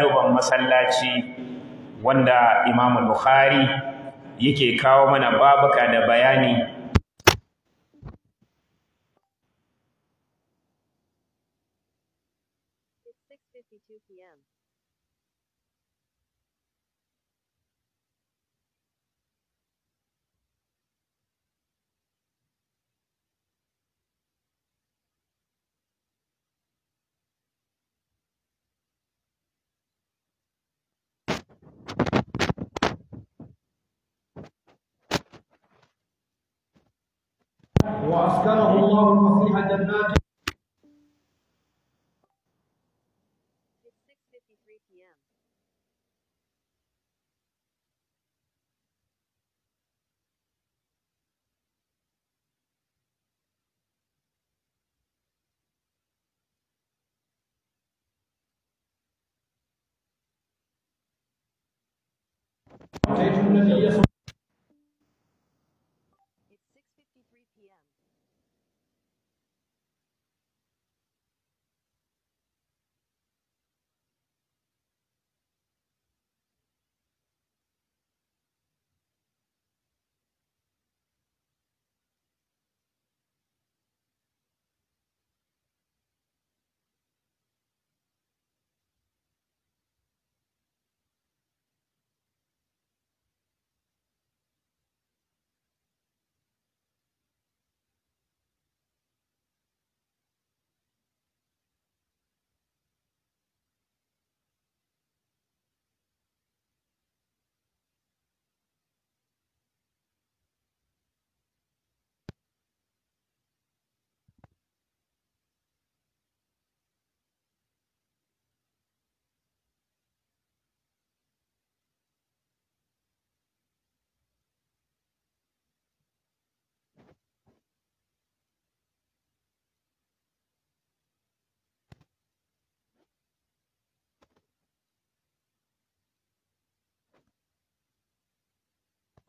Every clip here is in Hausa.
duban masallaci wanda Imam Bukhari yake kawo mana babuka da bayani وأسكنه الله الفصيح الجنات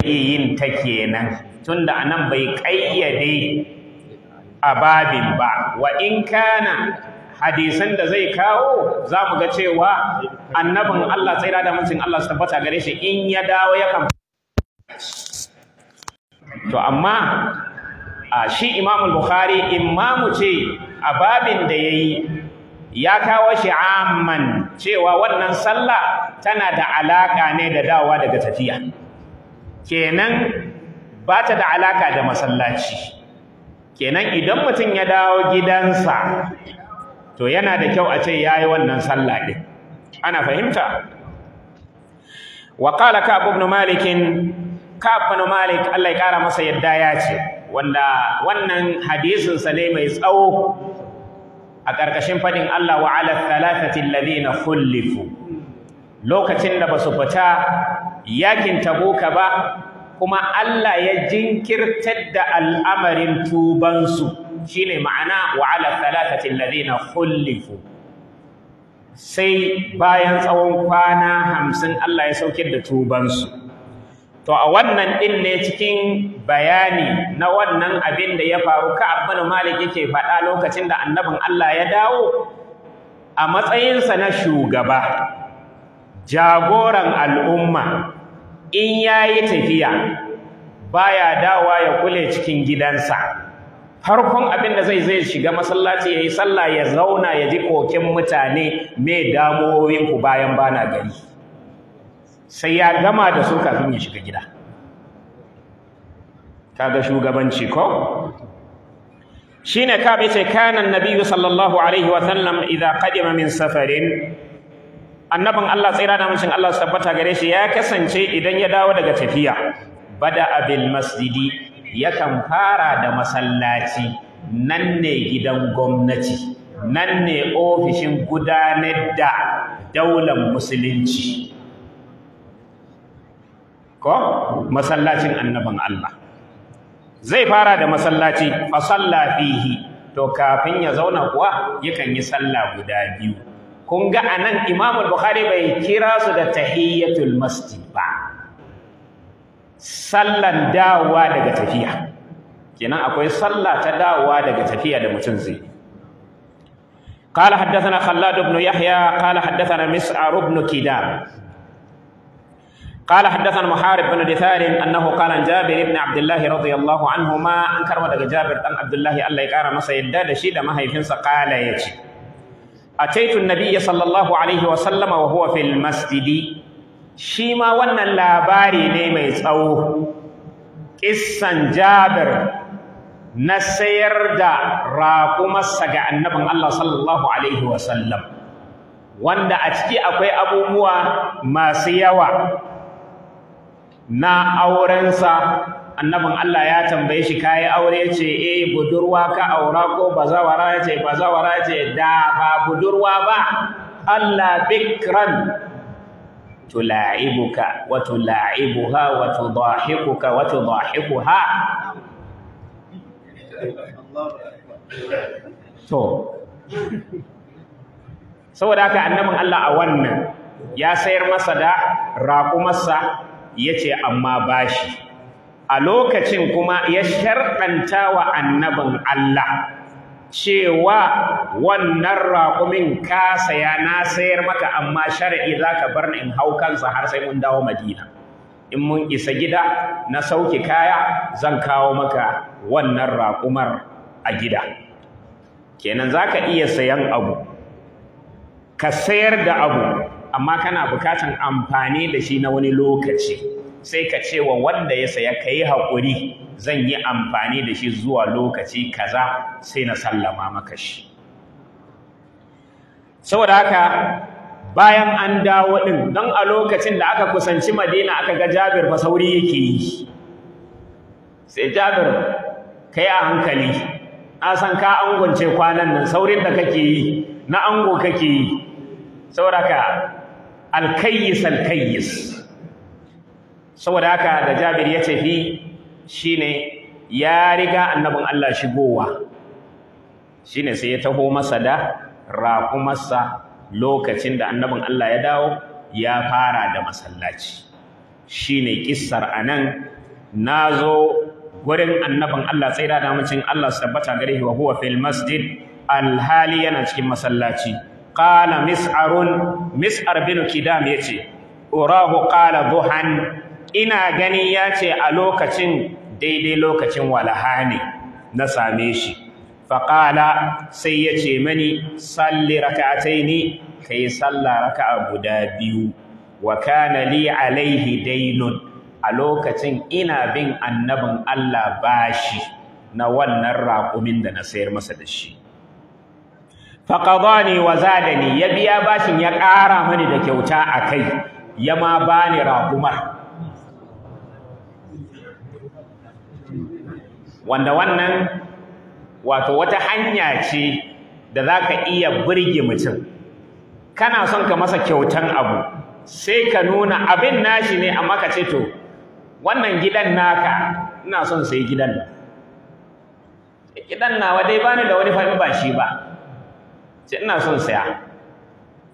yin ta kenan tunda anan bai kayyade babin ba wa in kana hadisan da zai kawo za mu ga cewa annabin Allah tsira da mutum Allah su tabbata gare shi in ya dawo ya kan to amma a shi imamu Bukhari imamu ce a babin da yayi ya kawo shi amman cewa wannan sallah tana da alaka ne da dawa daga tafiya kenan ba ta da alaka da masallaci kenan idan mutum ya dawo gidansa to yana da kyau a ce ya yi wannan sallah ɗin ana fahimta wa qala ka'ab ibn malik ka'ab ibn malik Allah ya kara masa yadda ya ce wanda wannan hadisin ne mai tsawo a ƙarƙashin faɗin Allah wa ala thalathati alladhina khulifu lokacin da basu fita yakin ka ba kuma Allah ya jinkirtar da al'amarin tubansu shine ma'ana wa ala thalathati alladhina khulifu sai bayan tsawon kwana hamsin Allah ya saukar da tubansu to a wannan din ne cikin bayani na wannan abin da ya faru ka abin malik yake faɗa lokacin da annabin Allah ya dawo a matsayinsa na shugaba jagoran al'umma in ya yi tafiya baya dawa ya kule cikin gidansa farkon abin da zai zai shiga masallaci ya yi sallah ya zauna ya ji kokin mutane mai damuwoyin bayan bana gari sai ya gama da su kafin ya shiga gida kaga shugabanci ko shine ka bi sai kana annabi sallallahu alaihi wa sallam idza qadima min safarin Annaban Allah tsira da mashin Allah tabbata gare shi ya kasance idan ya dawo daga tafiya bada abin masjidi yakan fara da masallaci nan ne gidan gwamnati nan ne ofishin gudanar da daular musulunci ko masallacin annaban Allah zai fara da masallaci fa fihi to kafin ya zauna kuwa yakan yi sallah guda biyu kun ga anan Imam Bukhari bai kira su da tahiyyatul masjid ba sallan dawowa daga tafiya kenan akwai sallah ta dawowa daga tafiya da mutum zai قال حدثنا خلاد بن يحيى قال حدثنا مسعر بن كدام قال حدثنا محارب بن دثار انه قال عن جابر بن عبد الله رضي الله عنهما انكر ودك جابر بن عبد الله الله يقرا مسا يدا دشي ده مهيفنسا قال يجي ataitu nabiyya sallallahu alaihi wa sallama wa huwa fil masjidi shi ma wannan labari ne mai tsawo kissan jabir na sayar da raƙumarsa ga annabin Allah sallallahu alaihi wa sallam wanda a ciki akwai abubuwa masu yawa na aurensa annabin Allah ya tambaye shi kayi aure ya ce eh budurwa ka aura ko bazawara ya ce bazawara ya ce da ba budurwa ba Allah bikran tula'ibuka wa tula'ibuha wa tudahikuka wa tudahikuha to saboda haka annabin Allah a wannan ya sayar masa da raƙumarsa ya ce amma bashi a lokacin kuma ya sharɗanta wa annabin Allah cewa wannan raƙumin ka saya na sayar maka amma shari'i za ka bar in hau kansa har sai mun dawo madina in mun isa gida na sauki kaya zan kawo maka wannan raƙumar a gida kenan za ka iya sayan abu ka sayar da abu amma kana bukatan amfani da shi na wani lokaci sai ka ce wa wanda ya saya ka yi haƙuri zan yi amfani da shi zuwa lokaci kaza sai na sallama maka shi saboda haka bayan an dawo ɗin don a lokacin da aka kusanci madina aka ga jabir fa sauri yake yi sai jabir kai a hankali na san ka angonce kwanan nan saurin da kake yi na ango kake yi saboda haka alkayyis alkayyis saboda haka da jabir ya ce shi ne ya riga annabin Allah shigowa shi ne sai ya taho masa da raƙumarsa lokacin da annabin Allah ya dawo ya fara da masallaci Shi ne a nan, na zo gurin annabin Allah sai da damacin Allah su tabbata gare shi wa huwa fil masjid alhali yana cikin masallaci qala mis'arun mis'ar bin kidam yace urahu qala zuhan. ina gani ya ce a lokacin daidai lokacin walaha na same shi faƙala sai ya ce mani salli raka'atai ne ka yi sallah raka'a guda biyu wa kana li alaihi dainun a lokacin ina bin annabin Allah bashi na wannan raƙumin da na sayar masa da shi faƙadani wa zadani ya biya bashin ya ƙara mani da kyauta a kai ya ma bani raƙumar wanda wannan wato wata hanya ce da za ka iya burge mutum kana son ka masa kyautan abu sai ka nuna abin nashi ne amma ka ce to wannan gidan naka ina son sai gidan eh, gidan nawa dai bani da wani fahimta ba shi ba sai ina son saya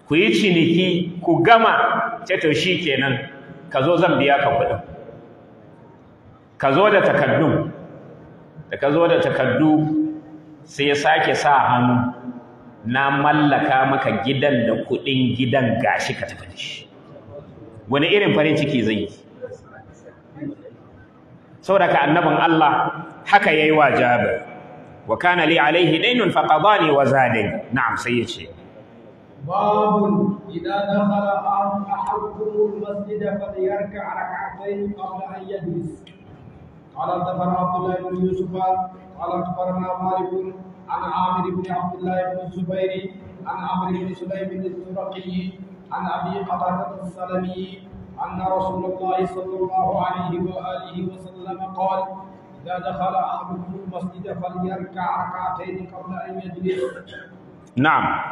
ku yi ciniki ku gama ceto to shi kenan ka zo zan biya ka kuɗin ka zo da takardun da ka zo da takardu, sai ya sake sa hannu na mallaka maka gidan da kuɗin gidan gashi ka tafi shi wani irin farin ciki zai yi saboda ka annabin Allah haka yayi wa Jabir wa kana li alaihi daynun fa qadani wa zadani na'am sai yace باب إذا دخل أحدكم قال اخبرنا عبد الله بن يوسف قال اخبرنا مالك عن عامر بن عبد الله بن الزبير عن عمرو بن سليم الزرقي عن ابي قتاده السلمي ان رسول الله صلى الله عليه واله وسلم قال اذا دخل احدكم المسجد فليركع ركعتين قبل ان يجلس نعم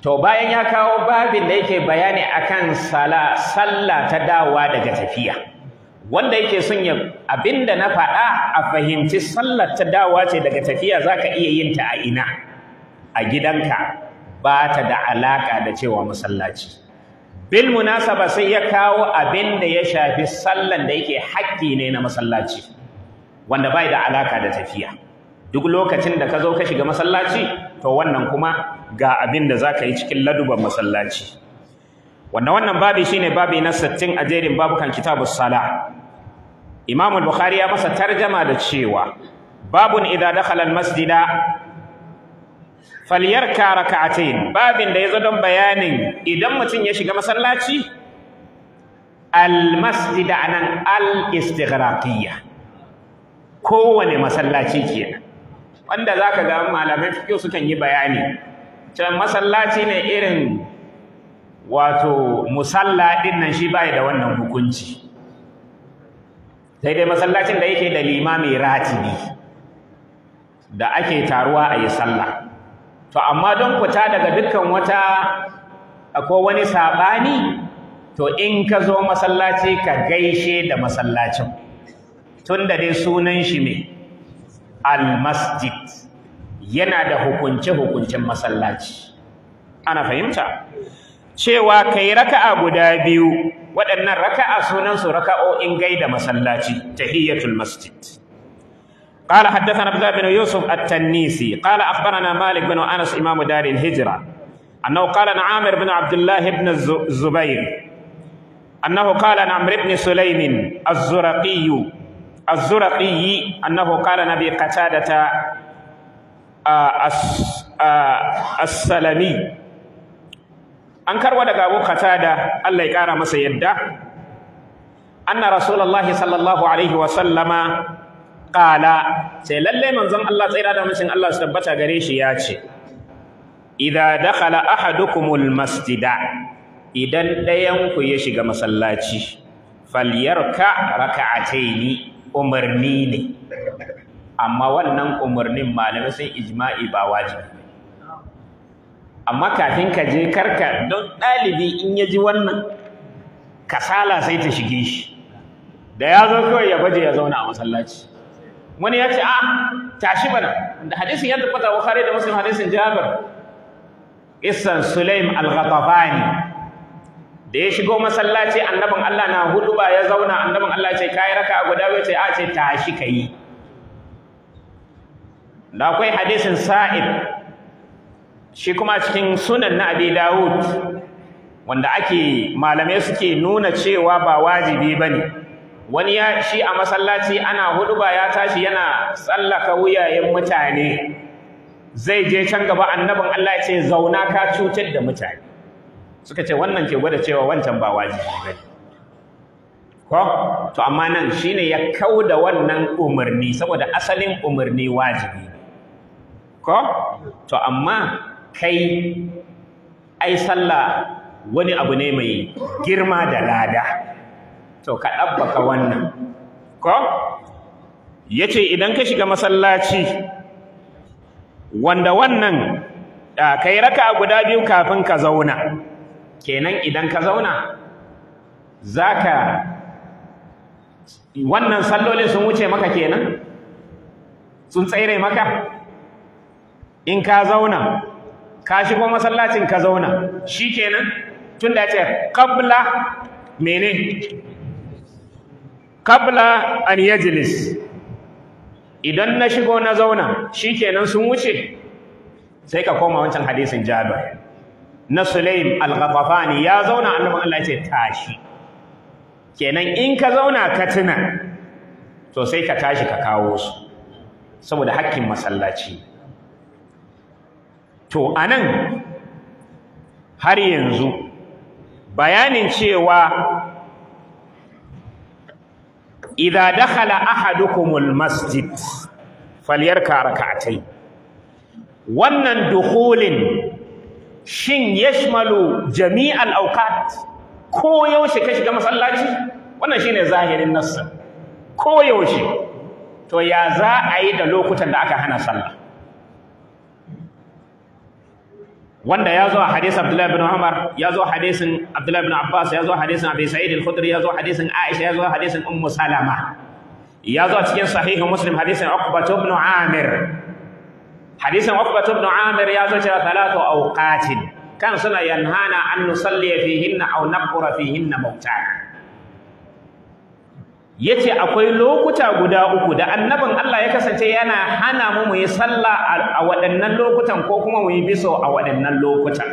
To bayan ya kawo babin da yake bayani akan sala sallah ta dawowa daga tafiya. wanda yake son ya abinda na faɗa a fahimci sallar ta dawa ce daga tafiya zaka iya yin ta a ina a gidanka ba ta da alaka da cewa masallaci bil munasaba sai ya kawo abin da ya shafi sallan da yake haƙƙi ne na masallaci wanda bai da alaka da tafiya duk lokacin da ka zo ka shiga masallaci to wannan kuma ga abin da zaka yi cikin laduban masallaci wannan wannan babi shine babi na 60 a jerin babukan kitabus sala Imam al-Bukhari ya masa tarjama da cewa babun idza dakhala al-masjida falyarka raka'atayn babin da yazo don bayanin idan mutum ya shiga masallaci al-masjida anan al-istighraqiyya kowane masallaci kenan wanda zaka ga malamai fiqh sukan yi bayani can masallaci ne irin wato musalla din nan shi bai da wannan hukunci sai dai masallacin da yake da limami ratibi da ake taruwa a yi sallah to amma don fita daga dukkan wata ko wani saɓani to in ka zo masallaci ka gaishe da masallacin tun da dai sunan shi ne almasjid yana da hukunce-hukuncen masallaci ana fahimta cewa kai raka'a guda biyu waɗannan raka'a sunansu raka'o'in gaida masallaci tahiyyatul masjid قال حدثنا عبد بن يوسف التنيسي قال اخبرنا مالك بن انس امام دار الهجره انه قال عن عامر بن عبد الله بن الزبير انه قال عن عمرو بن سليم الزرقي الزرقي انه قال نبي قتاده السلمي an karwa daga Abu Qatada Allah ya kara masa yadda anna Rasulullah sallallahu alaihi wa sallama qala sai lalle manzon Allah tsira da mutum Allah su tabbata gare shi ya ce idza dakhala ahadukumul masjida idan ɗayanku ku ya shiga masallaci falyarka ni umarni ne amma wannan umarnin malamai sun ijma'i ba wajibi amma kafin ka je karka don ɗalibi in ya ji wannan kasala sai ta shige shi da ya zo kawai ya baje ya zauna a masallaci wani ya ce a ah, tashi bana da hadisin ya tabbata bukhari da muslim hadisin jabir isan sulaim al-ghatafani da ya shigo masallaci annabin Allah na hudu ba ya zauna annabin Allah ce kai raka guda bai ce a ce tashi kai da akwai hadisin sa'id shi kuma cikin sunan na abi dawud wanda ake malamai suke nuna cewa ba wajibi ba ne wani ya shi a masallaci ana ba ya tashi yana tsallaka wuyayen mutane zai je can gaba annabin Allah ya ce zauna ka cutar da mutane suka ce wannan ke gwada cewa wancan ba wajibi ba ne ko to amma nan shine ya kauda wannan umarni saboda asalin umarni wajibi ko to amma kai ai sallah wani abu ne mai girma da lada to ka ɗabbaka wannan ko yace idan ka shiga masallaci wanda wannan kai raka guda biyu kafin ka zauna kenan idan ka zauna zaka wannan sallolin sun wuce maka kenan sun tsere maka in ka zauna ka shigo masallacin ka zauna shikenan tun da ce qabla mene qabla an yajlis idan na shigo na zauna kenan sun wuce sai ka koma wancan hadisin Jabir na Sulaim al ghafani ya zauna annabin Allah ya ce tashi kenan in ka zauna ka tuna to sai ka tashi ka kawo su saboda hakkin masallaci to anan har yanzu bayanin cewa idza dakhala ahadukumul masjid falyarka rakatai wannan dukhulin shin yashmalu jami'al awqat ko yaushe ka shiga masallaci wannan shine zahirin nassin ko yaushe to ya za a yi da lokutan da aka hana sallah wanda ya zo a hadisin Abdullahi bin Umar ya zo hadisin Abdullahi bin Abbas ya zo hadisin Abi Sa'id al-Khudri ya zo hadisin Aisha ya zo hadisin Ummu Salama ya zo a cikin sahihu Muslim hadisin Uqba ibn Amir hadisin Uqba ibn Amir ya zo cewa talatu awqatin kan suna yanhana an nusalli fihinna aw naqra fihinna mawtana Ya ce akwai lokuta guda uku da annabin Allah ya kasance yana hana mu mu yi sallah a waɗannan lokutan ko kuma mu yi biso a waɗannan lokutan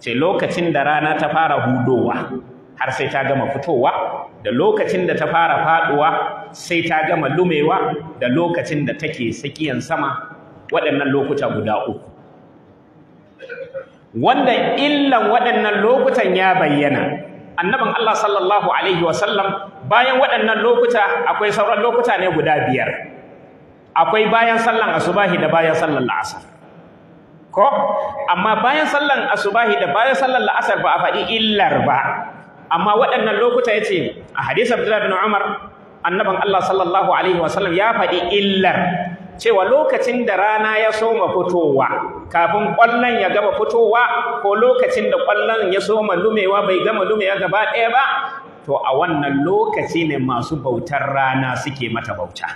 ce lokacin da rana ta fara hudowa har sai ta gama fitowa da lokacin da ta fara faɗuwa sai ta gama lumewa da lokacin da take sakiyan sama waɗannan lokuta guda uku wanda illan waɗannan lokutan ya bayyana annabin Allah sallallahu alaihi wasallam bayan waɗannan lokuta akwai sauran lokuta ne guda biyar akwai bayan sallan asubahi da bayan sallan la'asar ko amma bayan sallan asubahi da bayan sallan la'asar ba a faɗi illar ba amma waɗannan lokuta ya ce a hadisa abdullahi bin umar annaban allah sallallahu alaihi wasallam ya faɗi illar cewa lokacin da rana ya soma fitowa kafin ƙwallon ya gama fitowa ko lokacin da ƙwallon ya soma lumewa bai gama lumewa gaba ɗaya ba to a wannan lokaci ne masu bautar rana suke mata bauta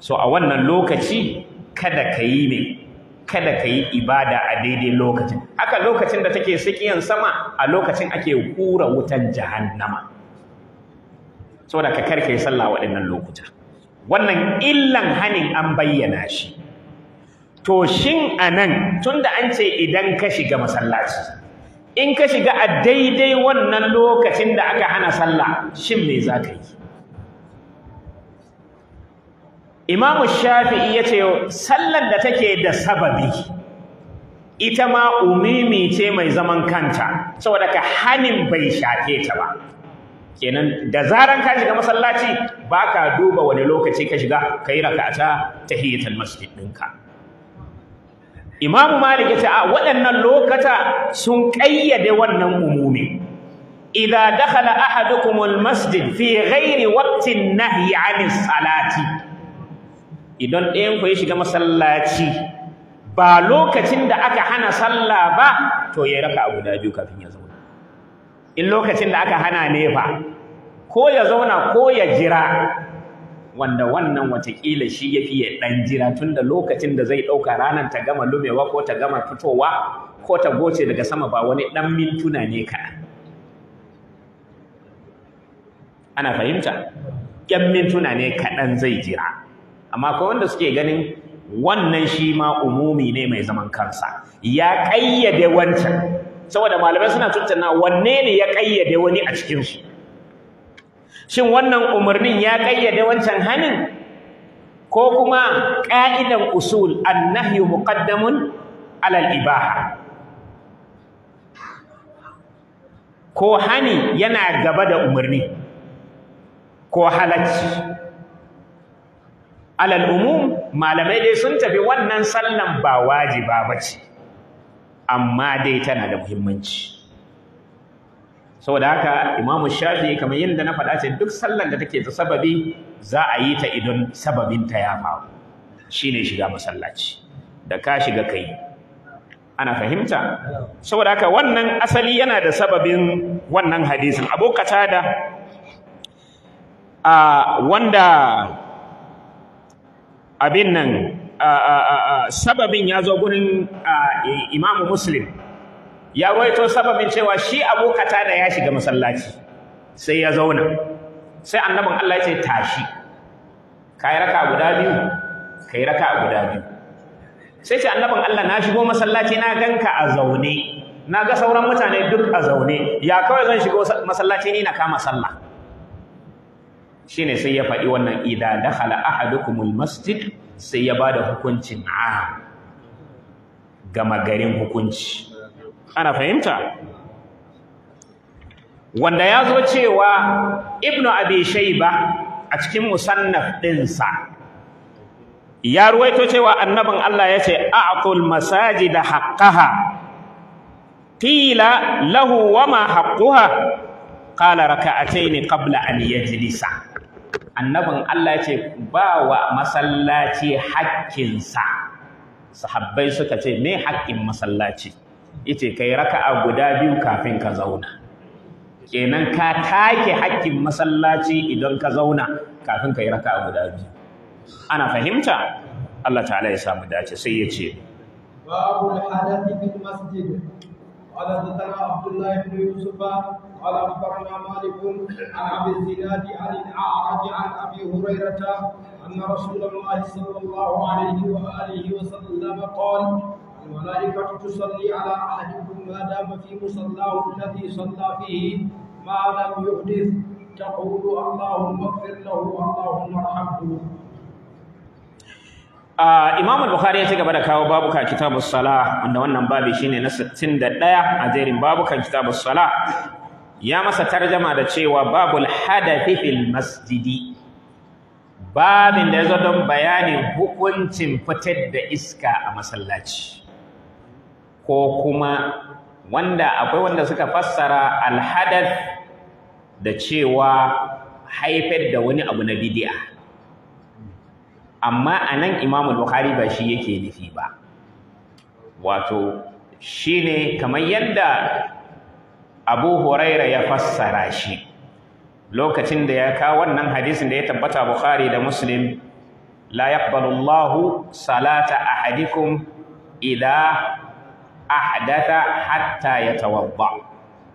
so a wannan lokaci kada ka yi ne kada ka yi ibada a daidai lokacin haka lokacin da take sikiyan sama a lokacin ake kura wutan jahannama So da ka karka yi sallah waɗannan lokuta wannan illan hanin an bayyana shi to shin anan tunda an ce idan ka shiga masallaci in ka shiga a daidai wannan lokacin da aka hana sallah shin me za ka yi imamu shafi'i ya ce sallar da take da sababi ita ma umimi ce mai zaman kanta saboda ka hanin bai shafe ta ba kenan da zaran ka shiga masallaci ba ka duba wani lokaci ka shiga ka yi raka ta hiyatar masjid ɗinka imamu malik yace a waɗannan lokata sun ƙayyade wannan umumi idza dakhala ahadukum almasjid fi ghairi waqtin nahyi anis salati idan ɗayan ku ya shiga masallaci ba lokacin da aka hana sallah ba to ya raka abu da biyu kafin ya zauna in lokacin da aka hana ne fa ko ya zauna ko ya jira wanda wannan watakila shi ya fiye ɗan jira tun da lokacin da zai ɗauka ranar ta gama lumewa ko ta gama fitowa ko ta goce daga sama ba wani ɗan mintuna ne kaɗan ana fahimta 'yan mintuna ne kaɗan zai jira amma ko wanda suke ganin wannan shi ma umumi ne mai zaman kansa ya ƙayyade wancan saboda malamai suna tuntuna wanne ne ya ƙayyade wani a cikinsu shin wannan umarnin ya ƙayyade wancan hanin ko kuma ƙa'idan usul annahyu muqaddamun alal ibaha ko hani yana gaba da umarni ko halacci alal umum malamai dai sun tafi wannan sallan ba wajiba bace amma dai tana da muhimmanci saboda haka Imam shafi kamar yadda na faɗa ce duk sallar da take da sababi za a yi ta idan sababin ta ya faru shine shiga masallaci da ka shiga kai ana fahimta saboda haka wannan asali yana da sababin wannan hadisin abokata da wanda abin nan sababin ya zo gurin Imam Muslim ya ruwaito sababin cewa shi Abu da ya shiga masallaci sai ya zauna sai annabin Allah ya ce tashi kai raka guda biyu kai raka guda biyu sai ce annabin Allah na shigo masallaci na ganka a zaune na ga sauran mutane duk a zaune ya kawai zan shigo masallaci ni na kama sallah shine sai ya faɗi wannan idan dakhala ahadukumul masjid sai ya bada hukuncin a gama garin hukunci ana fahimta wanda ya zo cewa ibnu abi shayba a cikin musannaf ɗinsa ya ruwaito cewa annabin Allah ya ce a'qul masajida haqqaha qila lahu wama haqquha qala raka'atayn qabla an yajlisa annabin Allah ya ce ba wa masallaci haƙƙinsa sahabbai suka ce me haƙƙin masallaci yace kai raka'a guda biyu kafin ka zauna kenan ka take hakkin masallaci idan ka zauna kafin ka yi raka'a guda biyu ana fahimta Allah ta'ala ya samu dace sai ya ce babu hadathi fil masjid qala hadithana abdullah ibn yusuf qala akhbarana malik an abi zinad an al-a'raj an abi hurairah anna rasulullah sallallahu alaihi wa alihi wa sallam qala الملائكة تصلي على أحدكم ما دام في مصلاه الذي صلى فيه ما لم يحدث تقول اللهم اغفر له اللهم ارحمه Uh, Imam al-Bukhari ya ci gaba da kawo babuka kitabu sala wanda wannan babi shine na 61 a jerin babukan kitabu sala ya masa tarjama da cewa babul hadathi fil masjidi babin da zo don bayanin hukuncin fitar da iska a masallaci ko kuma wanda akwai wanda suka fassara alhadath da cewa haifar da wani abu na bid'a amma anan imamul Bukhari ba shi yake nufi ba wato shine kamar yadda Abu Huraira ya fassara shi lokacin da ya kawo wannan hadisin da ya tabbata Bukhari da Muslim la yaqbalu Allahu salata ahadikum idza ahdatha hatta yatawadda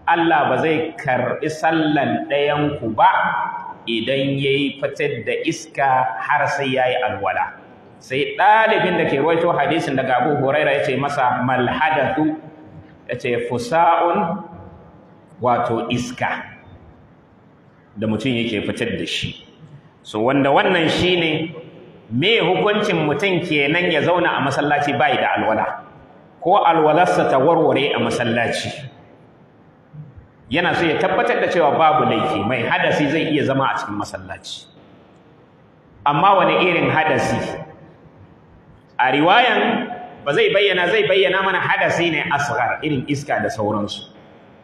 Allah ba zai karbi sallan ɗayan ku ba idan yayi fitar da iska har sai yayi alwala sai ɗalibin da ke rawaito hadisin daga Abu Huraira yace masa mal hadathu yace fusa'un wato iska da mutum yake fitar da shi so wanda wannan shine me hukuncin mutum kenan ya zauna a masallaci bai da alwala ko alwalarsa ta warware a masallaci yana so ya tabbatar da cewa babu laifi mai hadasi zai iya zama a cikin masallaci amma wani irin hadasi a riwayan ba zai bayyana zai bayyana mana hadasi ne asghar irin iska da sauransu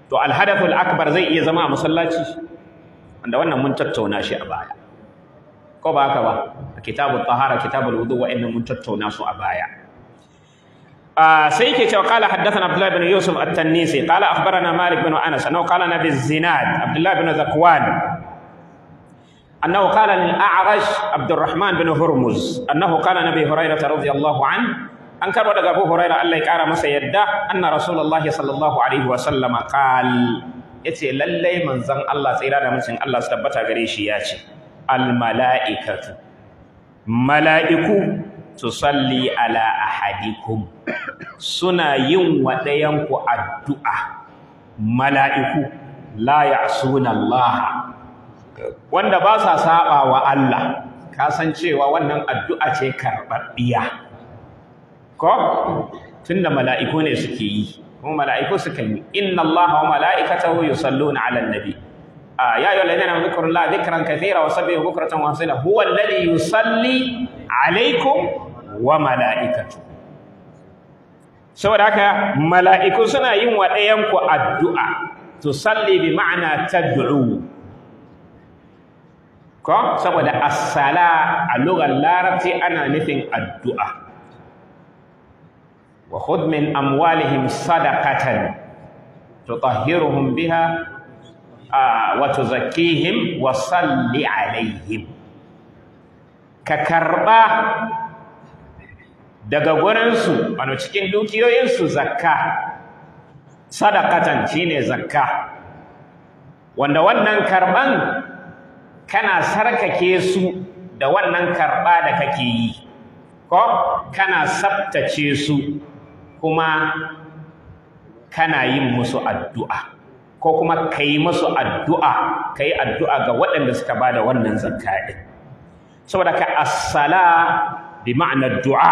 to alhadathul akbar zai iya zama a masallaci wanda wannan mun tattauna shi a baya ko ba haka ba kitabut tahara kitabul wudu wa'annan mun tattauna su a baya sai yake cewa qala haddathana abdullah ibn yusuf at-tanisi qala akhbarana malik ibn anas annahu qala na zinad abdullah ibn zakwan annahu qala lil a'rash abdurrahman ibn hurmuz annahu qala nabi hurairah radiyallahu an an karba daga abu hurairah Allah ya kara masa yadda anna rasulullah sallallahu alaihi wa sallam qal yace lallai manzon Allah tsira da mutum Allah su tabbata gare shi yace al mala'ikatu mala'iku tusalli ala ahadikum suna yin wa ɗayanku addu'a mala'iku la ya'suna Allah wanda ba sa saba wa Allah kasancewa wannan addu'a ce karɓaɓɓiya ko Tun da mala'iku ne suke yi kuma mala'iku suka yi inna Allah wa mala'ika ta mala'ikatahu yusalluna 'alan nabi يا أيها الذين آمنوا اذكروا الله ذكرا كثيرا وسبحوه بكرة وأصيلا هو الذي يصلي عليكم wa mala'ikatu saboda haka mala'iku suna yin wa ɗayanku ku addu'a tusalli bi ma'ana tad'u ko saboda as-sala a lugar larabci ana nufin addu'a wa hudmin min amwalihim sadaqatan tutahhiruhum biha wa tuzakkihim wa salli alaihim ka karɓa daga gurinsu ano cikin dukiyoyinsu zakka sadakatan ne zakka wanda wannan karban kana sarkake su da wannan karba da kake yi ko kana sabtace su kuma kana yin musu addu'a ko kuma ka yi musu addu'a ka yi addu'a ga waɗanda suka ba da wannan zakka ɗin. saboda ka asala bi ma'anar du'a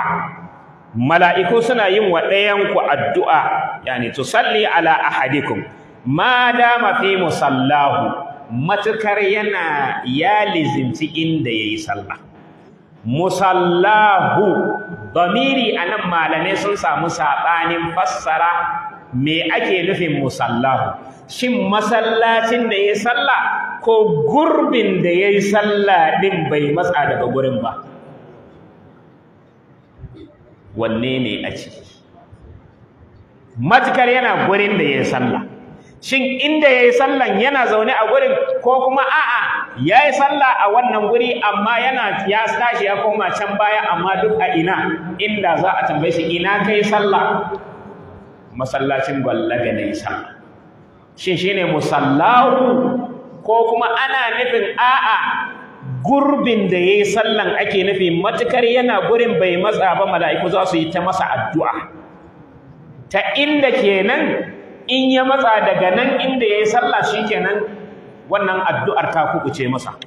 mala'iku suna yin wa ɗayanku addu'a yani tusalli ala ahadikum ma dama fi musallahu matukar yana ya lizinci inda yayi sallah musallahu damiri anan malamai sun samu saɓanin fassara me ake nufin musallahu shin masallacin da yayi sallah ko gurbin da yayi sallah ɗin bai matsa daga gurin ba wanne ne a ciki matukar yana gurin da ya yi sallah shin inda ya yi sallah yana zaune a gurin ko kuma a'a ya yi sallah a wannan guri amma yana ya tashi ya koma can baya amma duk a ina inda za a tambaye shi ina ka yi sallah masallacin gwallaga ne sallah shin shine musallahu ko kuma ana nufin a'a gurbin da ya yi sallan ake nufi matukar yana gurin bai matsa ba mala'iku za su yi ta masa addu'a ta inda kenan in ya matsa daga nan inda ya yayi sallah shi nan wannan addu'ar ta kukuce masa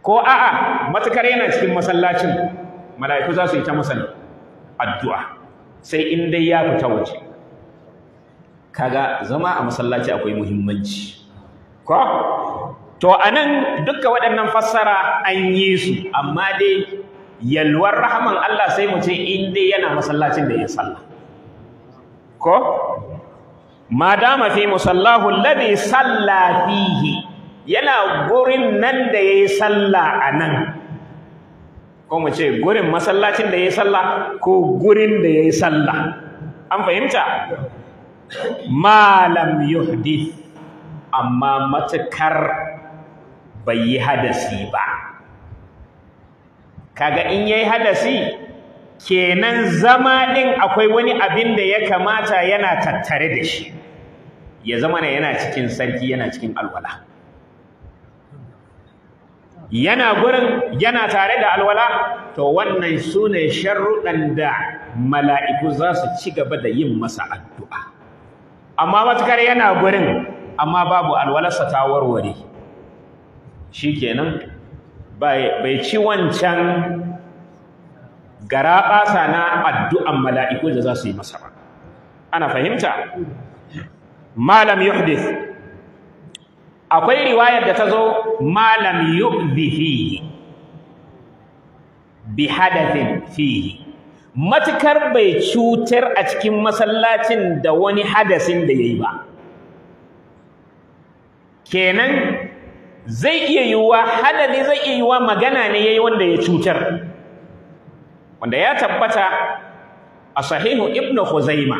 ko a'a matukar yana cikin masallacin mala'iku za su yi ta masa addu'a sai inda ya fita waje kaga zama a masallaci akwai muhimmanci ko to anan duka waɗannan fassara an yi su amma dai yalwar rahman Allah sai mu ce in dai yana masallacin da ya salla, ko ma dama fi musallahu ladai salla fihi yana gurin nan da salla a nan ko mu ce gurin masallacin da yayi salla ko gurin da yayi salla an fahimta Malam yuhdi amma matakar bai yi hadasi ba kaga in yayi hadasi kenan zama din akwai wani abin da ya kamata yana tattare da shi ya zama ne yana cikin sarki yana cikin alwala yana gurin yana tare da alwala to wannan sune sharruɗan da mala'iku za su ci gaba da yin masa addu'a amma matukar yana gurin amma babu alwalarsa ta warware Shi kenan bai ci wancan garaɓasa na addu'an mala'iku da za su yi masa ba ana fahimta malam yuhdith akwai riwayar da ta zo malam yuhdithihi bi hadathin fihi matukar bai cutar a cikin masallacin da wani hadasin da ya yi ba kenan zai iya yiwuwa hadari zai iya yiwuwa magana ne yayi wanda ya cutar wanda ya tabbata a sahihu ibnu khuzaima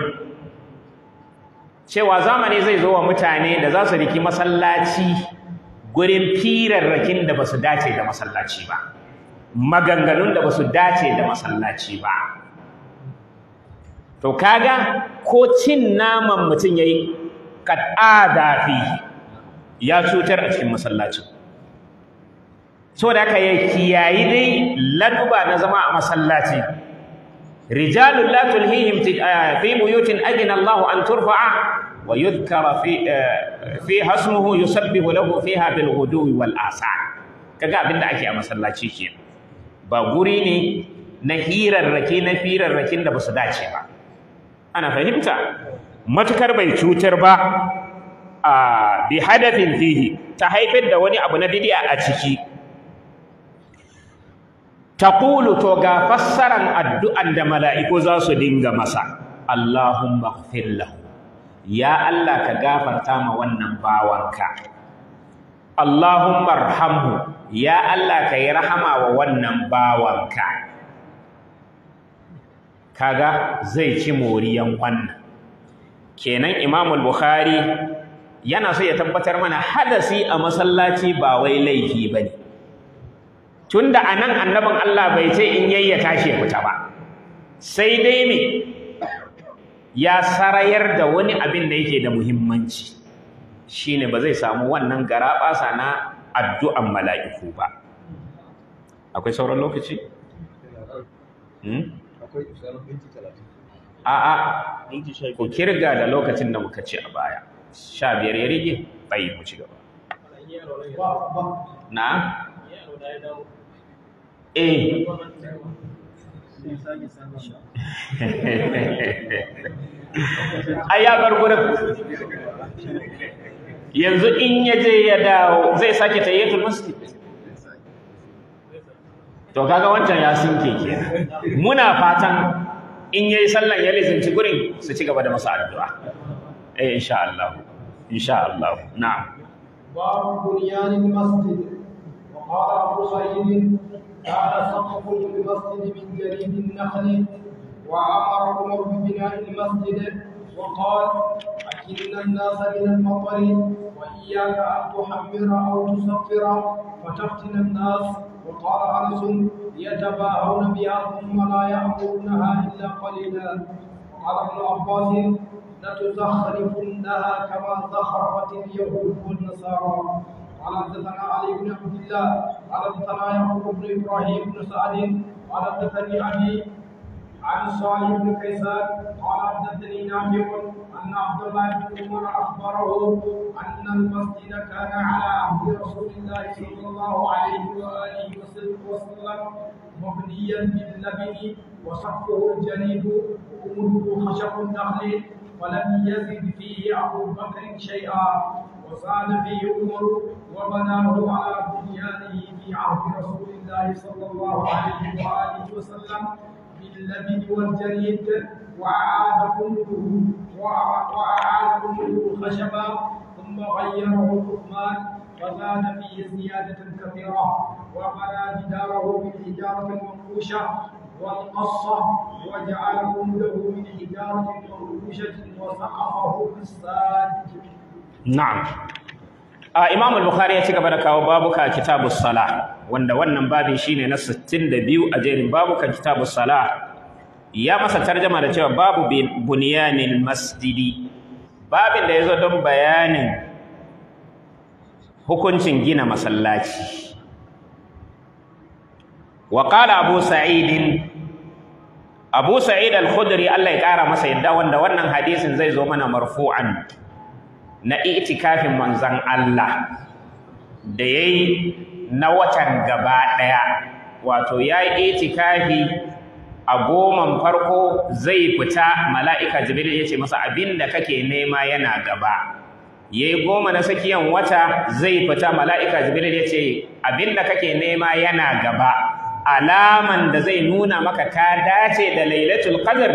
cewa zamani zai zo wa mutane da za su riki masallaci gurin firarrakin da basu su dace da masallaci ba maganganun da basu dace da masallaci ba to kaga ko cin naman mutum yayi kad adafi ya cutar a cikin masallacin saboda haka ya kiyayi dai laduba na zama a masallaci Rijalu la tulhihim eh, fi buyutin ajina Allahu an turfa'a wa yudhkara fi eh, fi hasmuhu yusabbihu lahu fiha bil ghudwi wal asar kaga abinda ake a masallaci ke ba guri ne na hirarrake na firarrakin da basu dace ba ana fahimta matukar bai cutar ba bi hadafin fihi ta haifar da wani abu na bid'a a ciki taqulu to ga fassaran addu'an da mala'iku za su dinga masa Allahumma ighfir lahu ya Allah ka gafarta ma wannan bawanka Allahumma arhamhu ya Allah ka yi rahama wa wannan bawanka kaga zai ci moriyan wannan kenan Imamul bukhari yana so ya tabbatar mana hadasi a masallaci ba wai laifi ba ne tunda a nan annabin Allah bai ce in yayya tashi ya fita ba sai dai me ya sarayar da wani abin da yake da muhimmanci shine ba zai samu wannan garaɓasa na addu'an mala'iku ba akwai sauran lokaci? Hmm? a'a ku kirga da lokacin da muka ce a baya sha biyar ya rage bai mu ci gaba na eh ai ya bar gurin yanzu in ya je ya dawo zai sake tayyatul masjid to kaga wancan ya sinke kenan muna fatan in yayi sallan ya lizinci gurin su ci gaba da masa addu'a eh insha Allah إن شاء الله نعم باب بنيان المسجد وقال أبو سعيد كان سقف المسجد من جليد النخل وعمر عمر ببناء المسجد وقال اكلنا الناس من المطر وإياك أن تحمر أو تسفر فتفتن الناس وقال أنس يتباهون بها ثم لا يأمرونها إلا قليلا وقال ابن عباس لتزخرفنها كما زخرفت اليهود والنصارى قال حدثنا علي بن عبد الله قال حدثنا يعقوب بن ابراهيم بن سعد قال حدثني علي عن صالح بن كيسان قال حدثني نافع ان عبد الله بن عمر اخبره ان المسجد كان على عهد رسول الله صلى الله عليه واله وسلم مبنيا باللبن وسقفه الجليد وامره خشب النخل ولم يزد فيه أبو بكر شيئا وزاد فيه عمر وبناه على بنيانه في عهد رسول الله صلى الله عليه وآله وسلم باللبن والجريد وأعاد كله وأعاد كله خشبا ثم غيره الرحمن وزاد فيه زيادة كثيرة وبنى جداره بالحجارة المنقوشة والقصة وجعلهم له من حجارة وسقفه بالساد نعم a imam al-bukhari ya ci gaba da kawo babuka kitabus sala wanda wannan babin shine na 62 a jerin babukan kitabus sala ya masa tarjama da cewa babu bunyanil masjidi babin da zo don bayanin hukuncin gina masallaci wa qala abu sa'id abu sa'id al-khudri Allah ya kara masa yadda wanda wannan hadisin zai zo mana marfu'an na itikafin manzon Allah da yayi na watan gaba daya wato yayi itikafi a goman farko zai fita mala'ika jibril ya ce masa abin da kake nema yana gaba ya yi goma na sakiyan wata zai fita mala'ika jibril ya ce abin da kake nema yana gaba alaman da zai nuna maka ta dace da lailatul qadr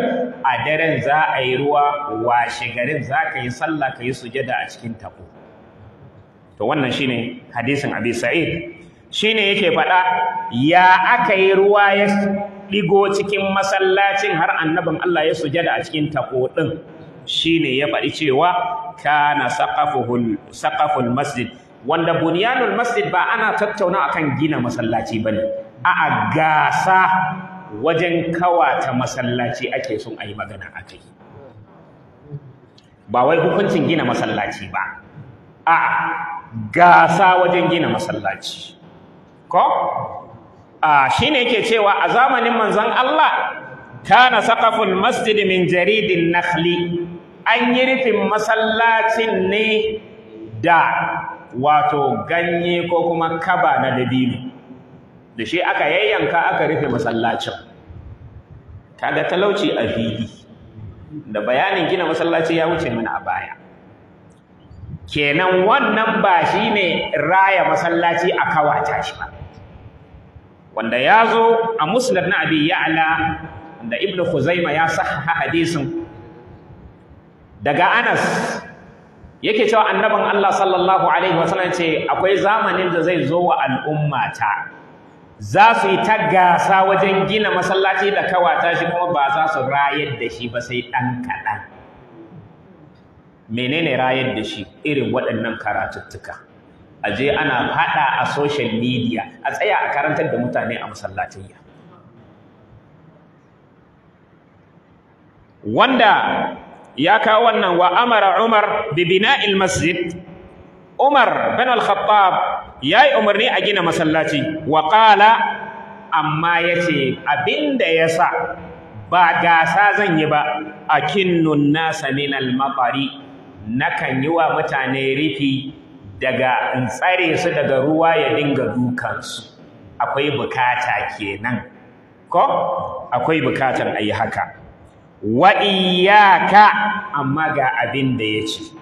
a daren za a yi ruwa washe garin za ka yi sallah ka yi sujada a cikin tako to wannan shine hadisin abi sa'id shine yake faɗa ya aka yi ruwa ya ɗigo cikin masallacin har annabin Allah ya sujada a cikin tako ɗin shine ya faɗi cewa kana saqaful masjid wanda bunyanul masjid ba ana tattauna akan gina masallaci bane a'a gasa wajen kawata masallaci ake son a yi magana a kai ba wai hukuncin gina masallaci ba a' gasa wajen gina masallaci ko a shine ke cewa a zamanin manzon Allah kana saqaful masjid min jaridin nakhli an yi rufin masallacin ne da wato ganye ko kuma kaba na dabino da shi aka yayyanka aka rufe masallacin kaga talauci a fili da bayanin gina masallaci ya wuce mana a baya kenan wannan ba shi ne raya masallaci a kawata shi ba wanda ya zo a musnad na abi ala da Ibn khuzaima ya sahaha hadisin daga anas yake cewa annabin Allah sallallahu alaihi wasallam ce akwai zamanin da zai zo wa al'ummata za su yi ta gasa wajen gina masallaci da kawata shi kuma ba za su rayar da shi ba sai ɗan kaɗan menene rayar da shi irin waɗannan karatuttuka a je ana faɗa a social media a tsaya a karantar da mutane a masallatayya wanda ya kawo wannan wa amara umar Bibina il masjid Umar bin Al-Khattab yayi umarni a gina masallaci wa qala amma yace abinda sa ba gasa zan yi ba akinnun nasa min al-maqari nakan yi wa mutane rifi daga in tsare su daga ruwa ya dinga dukansu akwai bukata kenan ko akwai bukatar ayi haka wa iyyaka amma ga abin da ya yace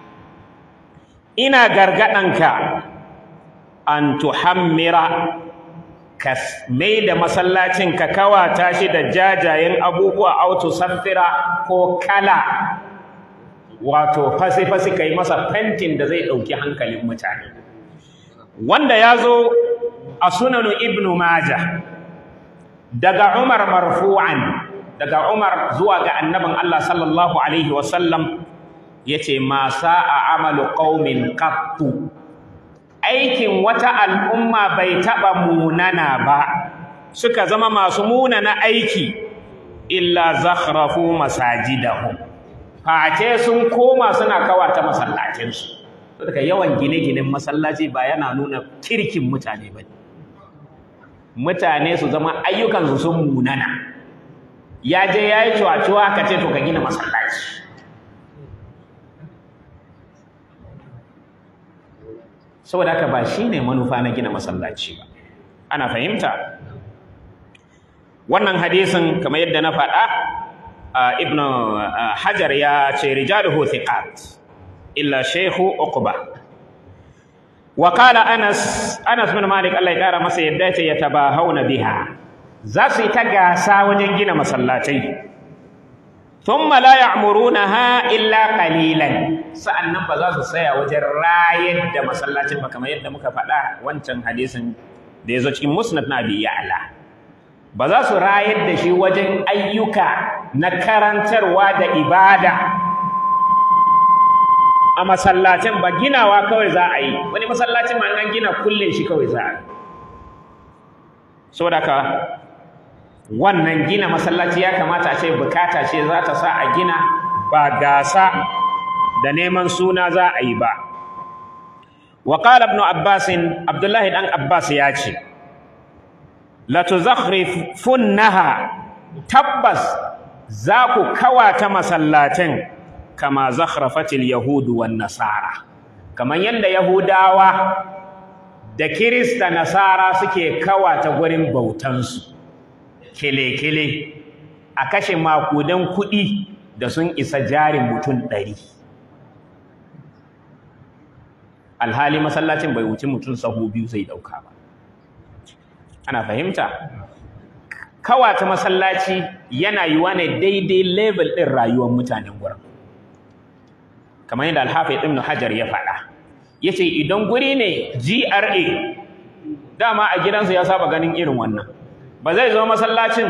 ina gargaɗanka an tuhammira ka mai da masallacin ka kawata shi da jajayen abubuwa autu saffira ko kala wato fasifasi fasi ka yi masa fentin da zai ɗauki hankalin mutane wanda ya zo a sunanu ibnu maja daga umar marfu'an daga umar zuwa ga annabin allah sallallahu alaihi wasallam Ya ce masa a amalu ƙaumin ƙattu aikin wata al'umma bai taɓa munana ba suka zama masu munana aiki illa zakhrafu masajidahum face sun koma suna kawata masallacinsu daga yawan gine-ginen masallaci ba yana nuna kirkin mutane ba mutane su zama ayyukansu sun munana ya je ya yi cuwa-cuwa ka ce to ka gina masallaci saboda haka ba shi ne manufa na gina masallaci ba ana fahimta wannan hadisin kamar yadda na faɗa Ibn hajar ya ce rijaluhu thiqat illa shehu uqba wa qala anas anas bin malik Allah ya kara masa yadda ya ce yatabahawna biha za su yi ta gasa wajen gina masallacai. thumma la ya'murunaha illa qalilan sa'annan ba za su tsaya wajen rayar da masallacin ba kamar yadda muka faɗa wancan hadisin da ya zo cikin musnad na abi ya'la ba za su rayar da shi wajen ayyuka na karantarwa da ibada a masallacin ba ginawa kawai za a yi wani masallacin ma an gina kullin shi kawai za a yi saboda ka wannan gina masallaci ya kamata a ce bukata ce za ta sa a gina ba gasa da neman suna za a yi ba wa qala ibn abbas abdullahi dan abbas ya ce la tuzakhrifunha tabbas za ku kawata masallatin kama zakhrafatil yahud wan nasara kaman yanda yahudawa da kirista nasara suke kawata gurin bautansu kele-kele a kashe makudan kuɗi da sun isa jarin mutum ɗari alhali masallacin bai wuce mutum sahu biyu zai ɗauka ba ana fahimta kawata masallaci yana yiwa ne daidai level ɗin rayuwar mutanen gurin kamar yadda alhafi ibn hajar ya faɗa ya ce idan guri ne gra dama a gidansa ya saba ganin irin wannan ba zai zo masallacin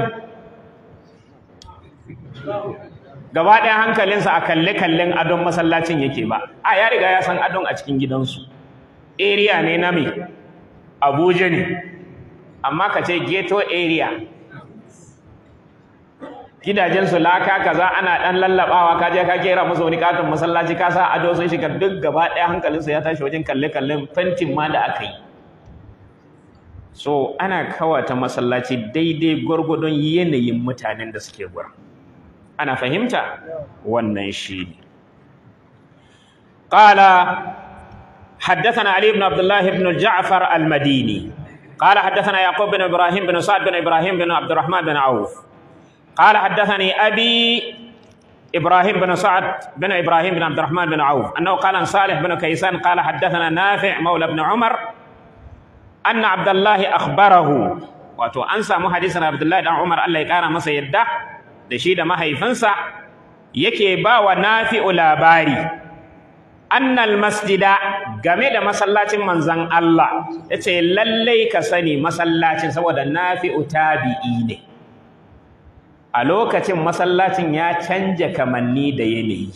gaba ɗaya hankalinsa a kalle-kallen adon masallacin yake ba a ya riga ya san adon a cikin gidansu area ne na mai abuja ne amma ka ce ghetto area gidajensu laka kaza ana ɗan lallaɓawa ka je ka kera musu wani katon masallaci ka sa ado sun shiga duk gaba ɗaya hankalinsu ya tashi wajen kalle-kallen fentin ma da aka yi so ana kawata masallaci daidai gwargwadon yanayin mutanen da suke gurin ana fahimta wannan shine qala حدثنا علي بن عبد الله بن الجعفر المديني قال حدثنا يعقوب بن ابراهيم بن سعد بن ابراهيم بن عبد الرحمن بن عوف قال حدثني ابي ابراهيم بن سعد بن ابراهيم بن عبد الرحمن بن عوف انه قال عن صالح بن كيسان قال حدثنا نافع مولى بن عمر anna abdullahi akhbarahu wato an samu hadisin abdullahi dan umar Allah ya kara masa yadda da shi da mahaifinsa yake ba wa nafi'u labari anna masjida game da masallacin manzan Allah yace lallai ka sani masallacin saboda nafi'u tabi'i ne a lokacin masallacin ya canja kamanni da yanayi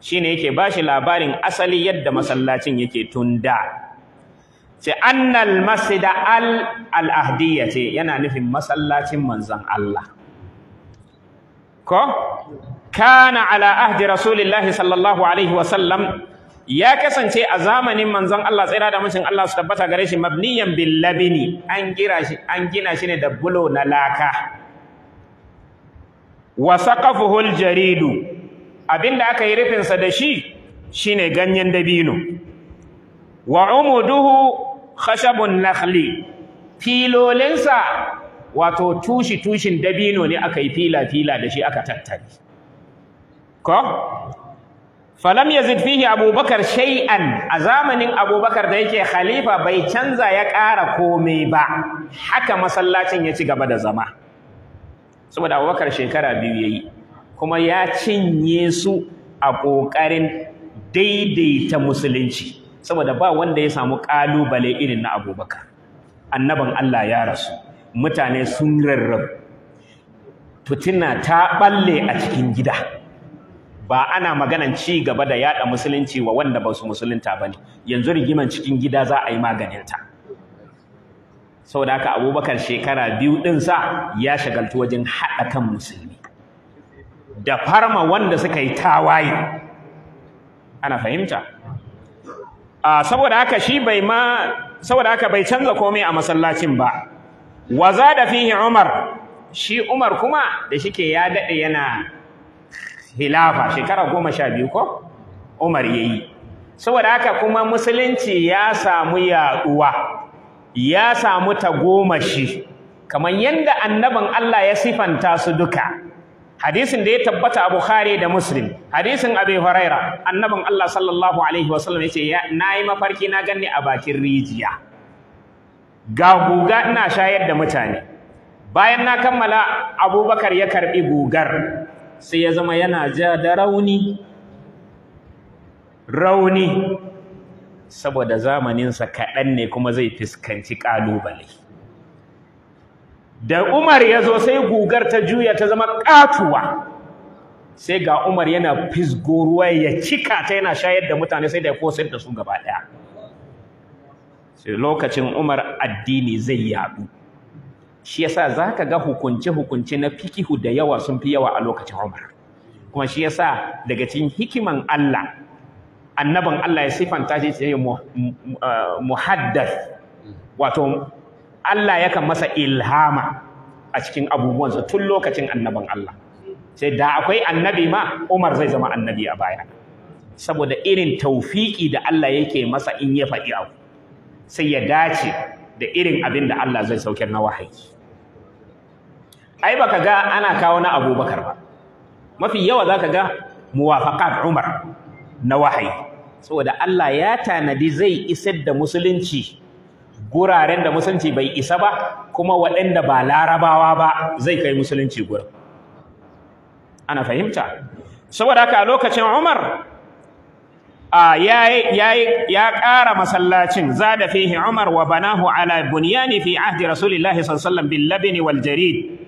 shine yake bashi labarin asali yadda masallacin yake tun da ce annal masjida al al'ahdiyya ce yana nufin masallacin manzon Allah ko kana ala ahdi rasulillahi sallallahu alaihi wa sallam ya kasance a zamanin manzon Allah tsira da mutum Allah su tabbata gare shi mabniyan billabini labini an gina shi ne da bulo na laka wa saqafuhu jaridu abinda aka yi rufinsa da shi shine ganyen dabino wa umuduhu khashabun nakhli filolinsa wato tushi tushin dabino ne aka yi fila fila da shi aka tattare ko falam yazid fihi abubakar shay'an a zamanin abubakar da yake khalifa bai canza ya ƙara komai ba haka masallacin ya ci gaba da zama saboda abubakar shekara biyu yayi kuma ya cinye su a ƙoƙarin daidaita musulunci saboda ba wanda ya samu ƙalubale irin na abubakar annaban Allah ya rasu mutane sun rarrabu fitina ta balle a cikin gida ba ana maganan ci gaba da yada musulunci wa wanda ba su musulunta ba ne yanzu rigiman cikin gida za a yi maganinta da haka abubakar shekara biyu ɗin sa ya shagaltu wajen haɗa kan musulmi da farma wanda suka yi tawaye ana fahimta saboda haka shi bai ma saboda haka bai canza komai a masallacin ba Waza da fihi umar shi umar kuma da shike ya dade yana hilafa shekara goma sha biyu ko umar yayi saboda haka kuma musulunci ya samu yaɗuwa ya samu ta goma shi. kamar yadda annabin Allah ya sifanta su duka hadisin da ya tabbata a Bukhari da Muslim hadisin abu Huraira annabin Allah sallallahu alaihi wasallam yace nayi mafarki na ganni a bakin rijiya ga guga ina shayar da mutane bayan na kammala Abubakar ya karbi gugar sai ya zama yana ja da rauni rauni saboda zamaninsa kaɗan ne kuma zai fuskanci ƙalubale da Umar ya zo sai gugar ta juya ta zama katuwa sai ga Umar yana fisgo ya cika ta yana shayar da mutane sai da ya kosar da su gaba ɗaya sai lokacin Umar addini zai yaɗu, shi yasa zaka ga hukunce hukunce na fikihu da yawa sun fi yawa a lokacin Umar kuma shi yasa daga cikin hikiman Allah annaban Allah ya sifanta shi ce eh, muhaddath wato Allah yakan masa ilhama a cikin abubuwansa tun lokacin annaban Allah sai da akwai annabi ma Umar zai zama annabi a baya saboda irin taufiki da Allah yake masa in ya faɗi abu sai ya dace da irin abin da Allah zai sauke na wahayi ai baka ga ana kawo na Abubakar ba mafi yawa zaka ga muwafaqat Umar na wahayi saboda Allah ya tanadi zai isar da musulunci guraren da musulunci bai isa ba kuma waɗanda ba larabawa ba zai kai musulunci gurin ana fahimta saboda haka a lokacin umar ya ƙara masallacin zada fihi umar wa banahu ala bunyani fi ahdi rasulillahi sallallahu bil labni wal jarid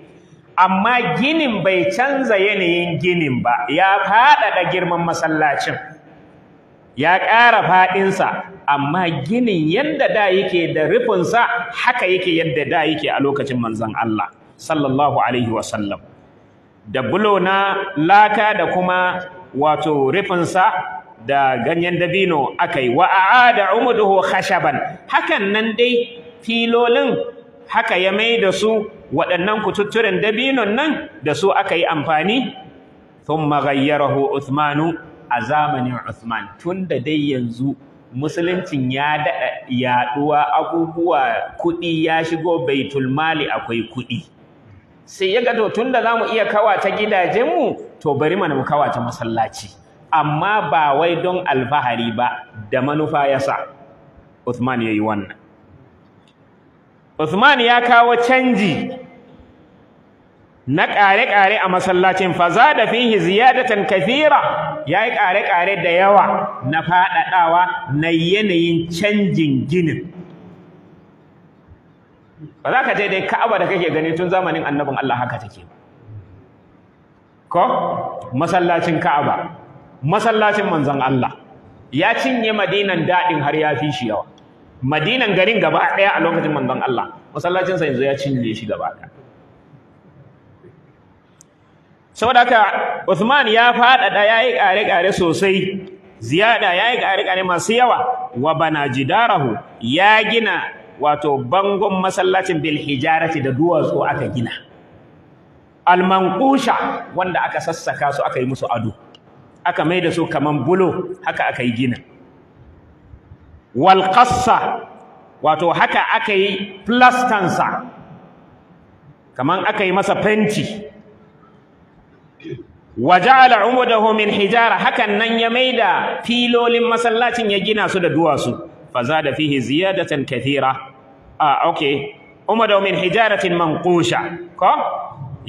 amma ginin bai canza yanayin ginin ba ya faɗaɗa girman masallacin ya ƙara faɗinsa amma ginin yadda da yake da rufinsa haka yake yadda da yake a lokacin manzon Allah sallallahu alaihi wasallam da bulo na laka da kuma wato rufinsa da ganyen dabino akai wa da umuduhu khashaban hakan nan dai filolin haka ya mai da su waɗannan kututturen dabinon nan da su aka yi amfani ثم غيره عثمان a zamanin Uthman da dai yanzu musuluncin ya daɗa yaɗuwa abubuwa kuɗi ya shigo baitul mali akwai kuɗi sai ya gato da za mu iya kawata gidajenmu to bari mana mu kawata masallaci amma ba wai don alfahari ba da manufa ya sa Uthman ya yi wannan Usman ya kawo canji na ƙare-ƙare a masallacin faza da fihi ziyadatan kathira ya yi ƙare-ƙare da yawa na faɗaɗawa na yanayin canjin ginin ba za ka dai ka'aba da kake gani tun zamanin annabin Allah haka take ko masallacin ka'aba masallacin manzon Allah ya cinye madinan daɗin har ya fi shi yawa madinan garin gaba ɗaya a lokacin manzon Allah masallacinsa yanzu ya cinye shi gaba ɗaya saboda haka Uthman ya faɗaɗa ya yi ƙare-ƙare sosai ziyada ya yi ƙare masu yawa wa bana jidarahu ya gina wato bangon masallacin bil hijarati da duwatsu aka gina almanqusha wanda aka sassaka su aka yi musu ado aka maida su kaman bulo haka aka yi gina wal qassa wato haka aka yi plastansa kaman aka yi masa fenti waja'ala umudahu min hijara hakan nan ya maida filolin masallacin ya gina su da duwatsu fa zada fihi ziyadatan kathira ah okay umudahu min hijaratin manqusha ko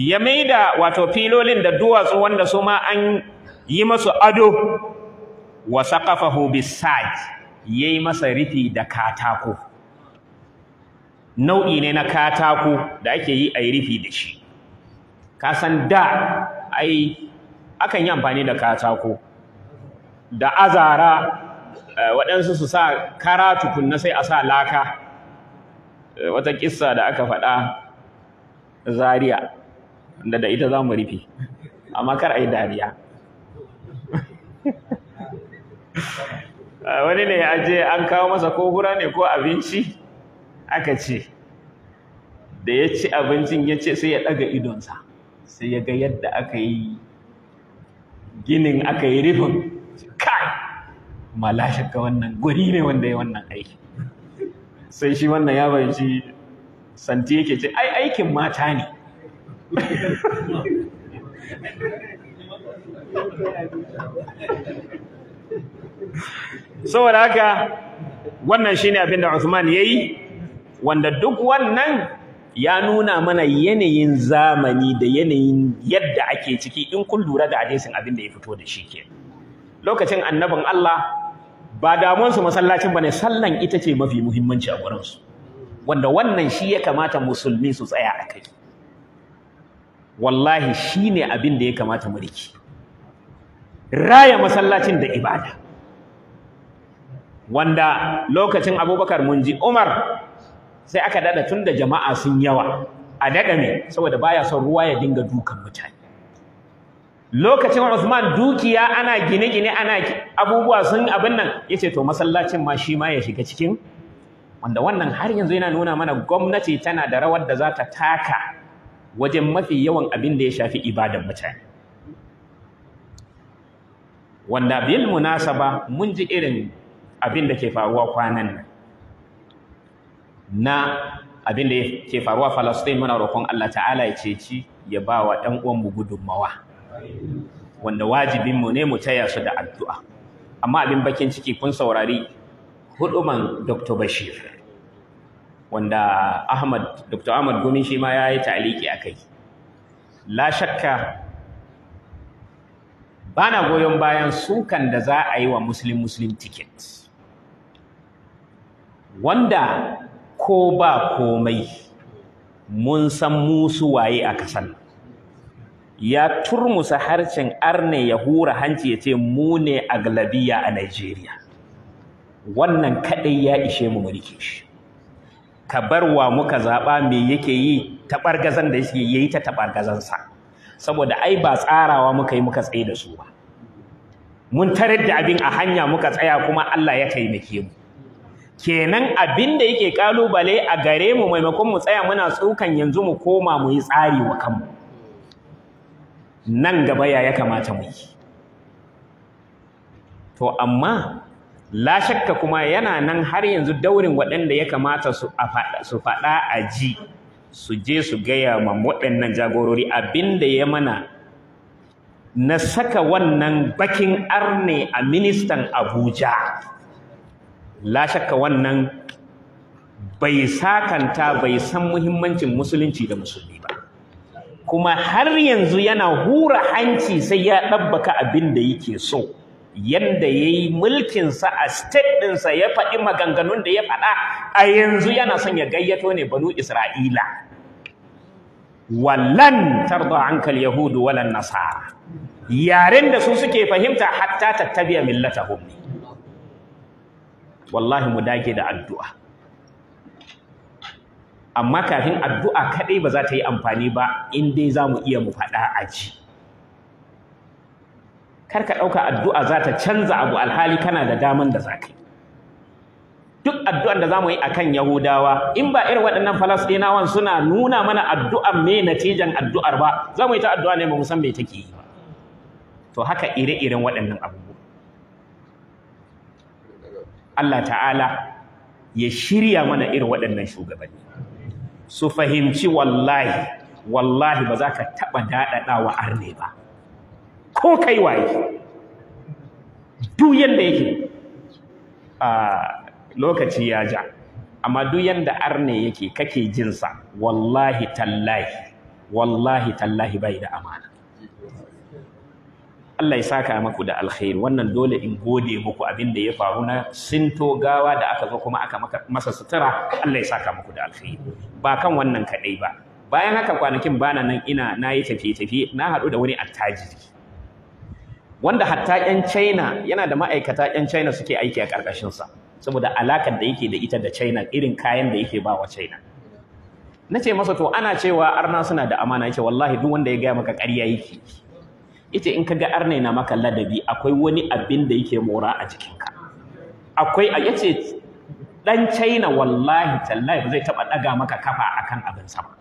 ya maida wato filolin da duwatsu wanda su ma an yi masu ado wa saqafahu bisaj yayi masa rifi da katako nau'i ne na katako da ake yi a yi rufi da shi ka san da ai akan yi amfani da katako da azara eh, waɗansu su sa kara tukunna sai a sa laka eh, wata kissa da aka faɗa zaria da da ita za mu rufe amma kar a yi dariya wani ne ya je an kawo masa ko hura ne ko abinci aka ce da ya ci abincin ya ce sai ya ɗaga idonsa sai ya ga yadda aka yi ginin aka yi rufin kai ma la wannan guri ne wanda ya wannan aiki sai shi wannan ya bayanci santi yake ce ai aikin mata ne saboda haka wannan shine abinda Usman Uthman yayi wanda duk wannan ya nuna mana yanayin zamani da yanayin yadda ake ciki in kun lura da hadisin abin da ya fito da shi ke lokacin annabin Allah ba damansu masallacin ba ne sallan ita ce mafi muhimmanci a gurinsu wanda wannan shi ya kamata musulmi su tsaya a kai wallahi shi ne abin da ya kamata mu raya masallacin da ibada wanda lokacin abubakar mun ji umar sai aka dada tun da jama'a sun yawa a dada ne saboda baya son ruwa ya dinga dukan mutane lokacin Usman dukiya ana gine-gine ana abubuwa sun abin nan yace to masallacin ma shi ma ya shiga cikin wanda wannan har yanzu yana nuna mana gwamnati tana da rawar da za ta taka wajen mafi yawan abin da ya shafi ibadan mutane wanda bil munasaba mun ji irin abin da ke faruwa kwanan nan na abin da ke faruwa Falastin muna roƙon Allah ta'ala ya ceci ya ba wa ɗan uwanmu gudunmawa wanda wajibinmu ne mu taya su da addu'a amma abin bakin ciki kun saurari huduman Dr. Bashir wanda Ahmad Dr. Ahmad Gumi shi ma yi ta'aliki kai, la shakka Ba na goyon bayan sukan da za a yi wa muslim muslim ticket wanda ko ba komai mun san musu waye a kasan ya turmusa harshen arne ya hura hanci ya ce mu ne a galabiya a Najeriya wannan kaɗai ya ishe mu mulke shi ka bar wa muka zaɓa me yake yi taɓargazan da yake yi ta taɓargazansa saboda ai ba tsarawa muka yi muka tsaye da su ba mun tarar da abin a hanya muka tsaya kuma Allah ya taimake mu kenan abin da yake kalubale a gare mu maimakon mu tsaya muna tsukan yanzu mu koma mu yi tsari wa kanmu nan gaba ya kamata mu yi to amma la shakka kuma yana nan har yanzu daurin waɗanda ya kamata su faɗa a ji su je su gaya ma waɗannan jagorori abin da ya mana na saka wannan bakin arne a ministan abuja la shakka wannan bai sakanta bai san muhimmancin musulunci da musulmi ba kuma har yanzu yana hura hanci sai ya ɗabbaka abin da yake so yanda ya yi mulkinsa a state ɗinsa ya faɗi maganganun da ya faɗa a yanzu yana son ya gayyato ne banu isra'ila wallan tarda ankal yahudu walan nasara yaren da su suke fahimta hatta tattabiya millatahum ne wallahi mu dage da addu'a amma kafin addu'a kadai ba za ta yi amfani ba in dai za mu iya mu faɗa a ji kar ka ɗauka addu'a za ta canza abu alhali kana da daman da za duk addu'an da za mu yi a kan Yahudawa in ba irin waɗannan Falasɗinawan suna nuna mana addu'an me natijan addu'ar ba za mu yi ta addu'a ne ba mu san me take yi ba to haka ire-iren waɗannan abu Allah ta'ala ya shirya mana irin waɗannan shugabanni su fahimci wallahi wallahi ba za ka taɓa daɗaɗawa arne ba ko kai waye duk yadda yake lokaci ya ja amma duk yadda arne yake kake jinsa wallahi tallahi wallahi tallahi bai da amana Allah ya saka maku da alkhairi wannan dole in gode muku abin da ya faru na sinto gawa da aka zo kuma aka masa sutura Allah ya saka muku da alkhairi ba kan wannan kadai ba bayan haka kwanakin bana nan ina na yi tafiye-tafiye na haɗu da wani attajiri wanda hatta 'yan China yana da ma'aikata 'yan China suke aiki a ƙarƙashinsa saboda alakar da yake da ita da China irin kayan da yake ba wa China na ce masa to ana cewa arna suna da amana yake wallahi duk wanda ya gaya maka ƙarya yake ita in ka ga arna na maka ladabi akwai wani abin da yake mora a jikinka akwai a yace dan China wallahi tallahi ba zai taba daga maka kafa akan abin sama.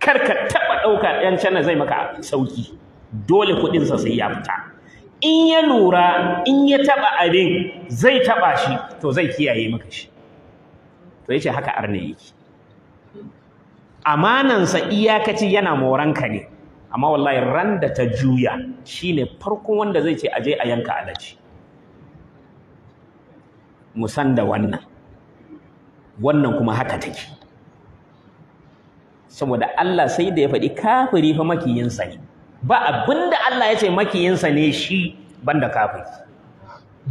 kar ka taba dauka dan China zai maka sauki dole kudin sa sai ya fita in ya lura in ya taba abin zai taba shi to zai kiyaye maka shi to yace haka arne yake amanansa iyakaci yana moranka ne amma wallahi ran da ta juya shine farkon wanda zai ce aje a yanka alaji musan da wannan wannan kuma haka take saboda Allah sai da ya faɗi kafiri fa makiyinsa ne ba abinda Allah ya ce makiyinsa ne shi banda kafiri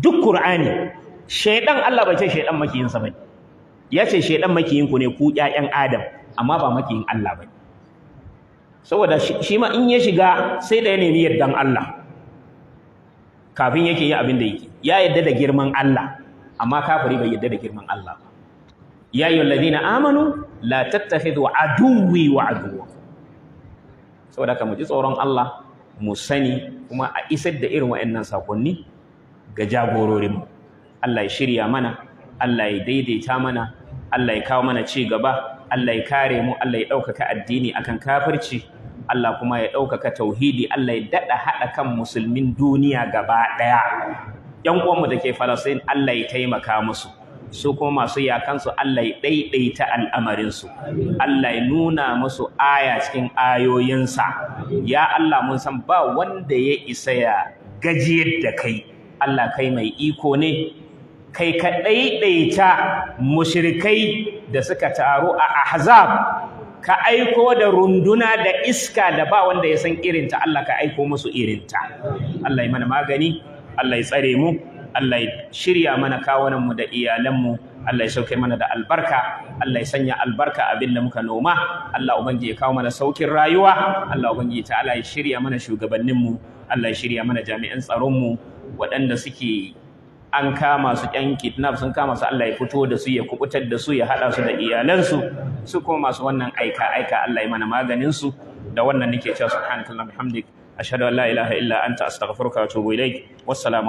duk Qur'ani shaidan Allah bai ce shaidan makiyinsa ba ya ce shaidan makiyinku ne ku ƴaƴan Adam amma ba makiyin Allah ne saboda shi ma in ya shiga sai da ya nemi yardan Allah kafin yake yi abin da yake ya yarda da girman Allah amma kafiri bai yarda da girman Allah ba ya ayyuhal ladina amanu la tattakhidhu aduwwi wa aduwwakum saboda ka mu tsoron Allah mu sani kuma a isar da irin waɗannan sakonni ga jagororin mu Allah ya shirya mana Allah ya daidaita mana Allah ya kawo mana ci gaba Allah ya kare mu Allah ya ɗaukaka addini akan kafirci Allah kuma ya ɗaukaka tauhidi Allah ya daɗa haɗa kan musulmin duniya gaba ɗaya ‘yan uwanmu da ke Falasin, Allah ya taimaka musu su kuma masu yakansu Allah ya ɗaiɗaita al'amarinsu Allah ya nuna musu aya cikin ayoyinsa ya Allah mun san ba wanda ya isa ya gajiyar da kai Allah kai mai iko ne kai ka ɗaiɗaita mushrikai da suka taru a ahzab ka aiko da runduna da iska da ba wanda ya san irinta Allah ka aiko musu irinta Allah ya mana magani Allah ya tsare mu Allah ya shirya mana kawunan mu da iyalan mu Allah ya sauke mana da albarka Allah ya sanya albarka abin da muka noma Allah ubangiji ya kawo mana saukin rayuwa Allah ubangiji ta'ala ya shirya mana shugabannin mu Allah ya shirya mana jami'an tsaron mu waɗanda suke an kama su ƴan kidnap sun kama su Allah ya fito da su ya kubutar da su ya haɗa su da iyalansu su kuma masu wannan aika aika Allah ya mana maganin su da wannan nake cewa subhanallahi walhamdulillah ashhadu an la ilaha illa anta astaghfiruka wa atubu ilaik wassalamu